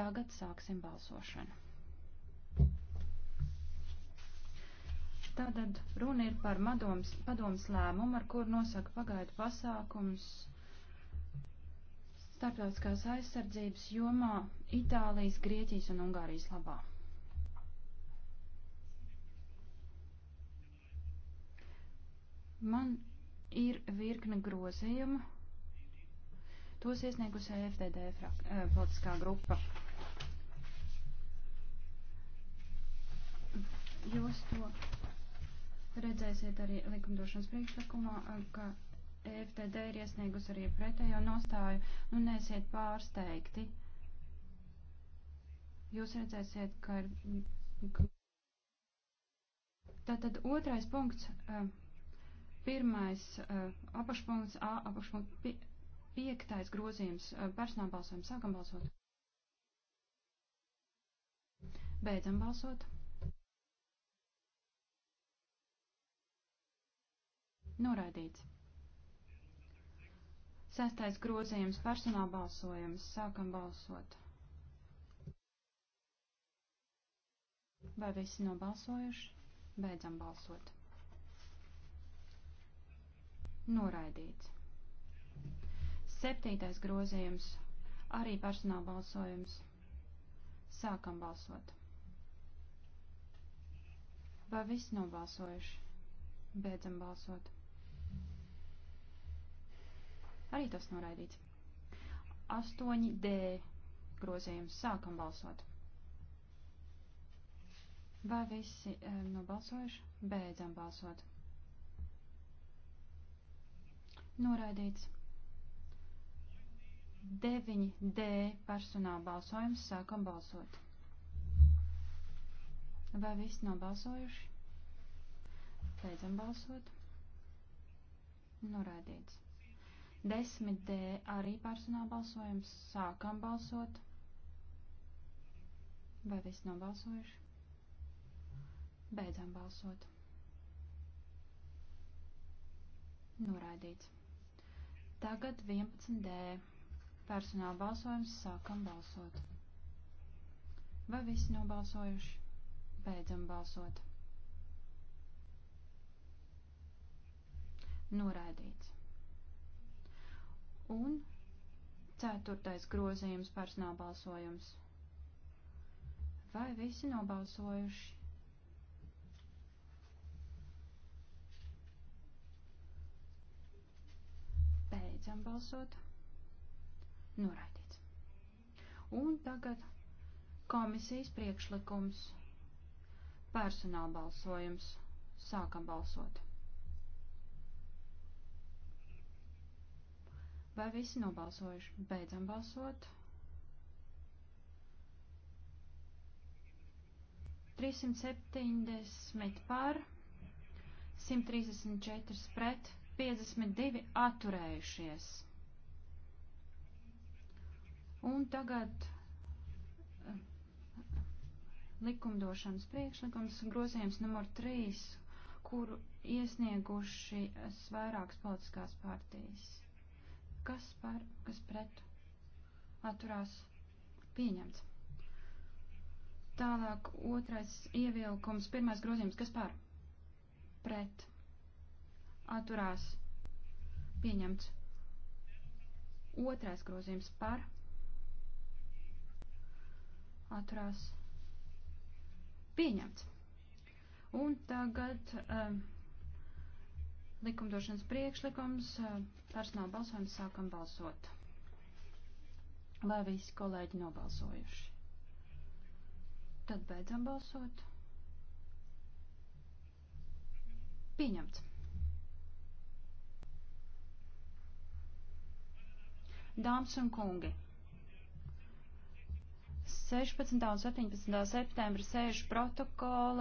Tagad sāksim balsošanu. Tātad runa ir par madoms, padoms lēmumu, ar kur nosaka pagaidu pasākums starptautiskās aizsardzības jomā Itālijas, Grieķijas un Ungārijas labā. Man ir virkne grozījumu. Tos iesniegusi FTD frak, eh, politiskā grupa. Jūs to redzēsiet arī likumdošanas priekšlikumā, ka EFTD ir iesniegus arī pretējo nostāju, nu nesiet pārsteigti. Jūs redzēsiet, ka ir. Tātad otrais punkts, pirmais apakšpunkts A, apakšpunkts piektais grozījums, personāla balsojums, sākam balsot. Beidzam balsot. Noraidīts. Sestais grozījums personāla balsojums. Sākam balsot. Vai visi nobalsojuši? Beidzam balsot. Noraidīts. Septītais grozījums. Arī personāla balsojums. Sākam balsot. Vai visi nobalsojuši? Beidzam balsot. Arī tas noraidīts. 8D grozījums. Sākam balsot. Vai visi e, nobalsojuši? Beidzam balsot. Noraidīts. 9D personāla balsojums. Sākam balsot. Vai visi nobalsojuši? Beidzam balsot. Norādīts. 10D arī personāla balsojums. Sākam balsot. Vai viss nobalsojuši? Beidzam balsot. Noraidīts. Tagad 11D. Personāla balsojums. Sākam balsot. Vai visi nobalsojuši? Beidzam balsot. Noraidīts. Un ceturtais grozījums personāla balsojums. Vai visi nobalsojuši? Beidzam balsot. Noraidīts. Un tagad komisijas priekšlikums. Personāla balsojums. Sākam balsot. Vai visi nobalsojuši? Beidzam balsot. 370 par, 134 pret, 52 atturējušies. Un tagad eh, likumdošanas priekšlikums grozījums numur 3, kuru iesnieguši vairākas politiskās partijas. Kas par, kas pret? Atturās. Pieņemts. Tālāk otrais ievilkums, pirmais grozījums. Kas par? Pret. Atturās. Pieņemts. Otrais grozījums par. Atturās. Pieņemts. Un tagad. Uh, um, Likumdošanas priekšlikums, eh, personāla balsojums, sākam balsot. Vai visi kolēģi nobalsojuši? Tad beidzam balsot. Pieņemts. Dāmas un kungi, 16. un 17. septembra sēžu protokola